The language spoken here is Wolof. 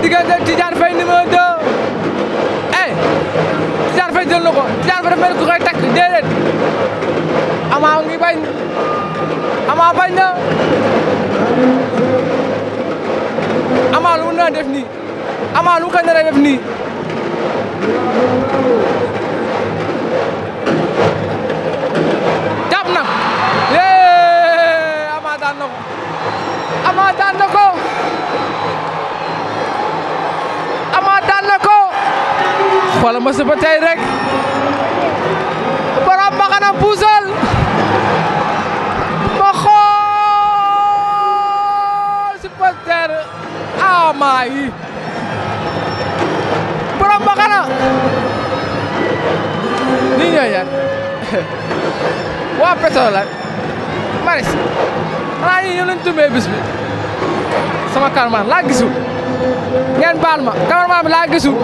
diggante Tidiane Faye numéro 2 eh Tidiane Faye jël na ko Tidiane Faye dafa mel ku koy takk déedéet Ama ngi bañ Ama bañ na Ama lu mu nar a def nii Ama lu mu ko na yee Ama daan na ko Ama daan wala si ba rek borom ma puusal ma xool si poster ama ah, yi borom ma xanaa ni ñooy yan waa pétrole la maris xanaa ñi ñëw lañ tumbee sama cameraman laa gisu ngeen baal ma cameraman bi laa gisu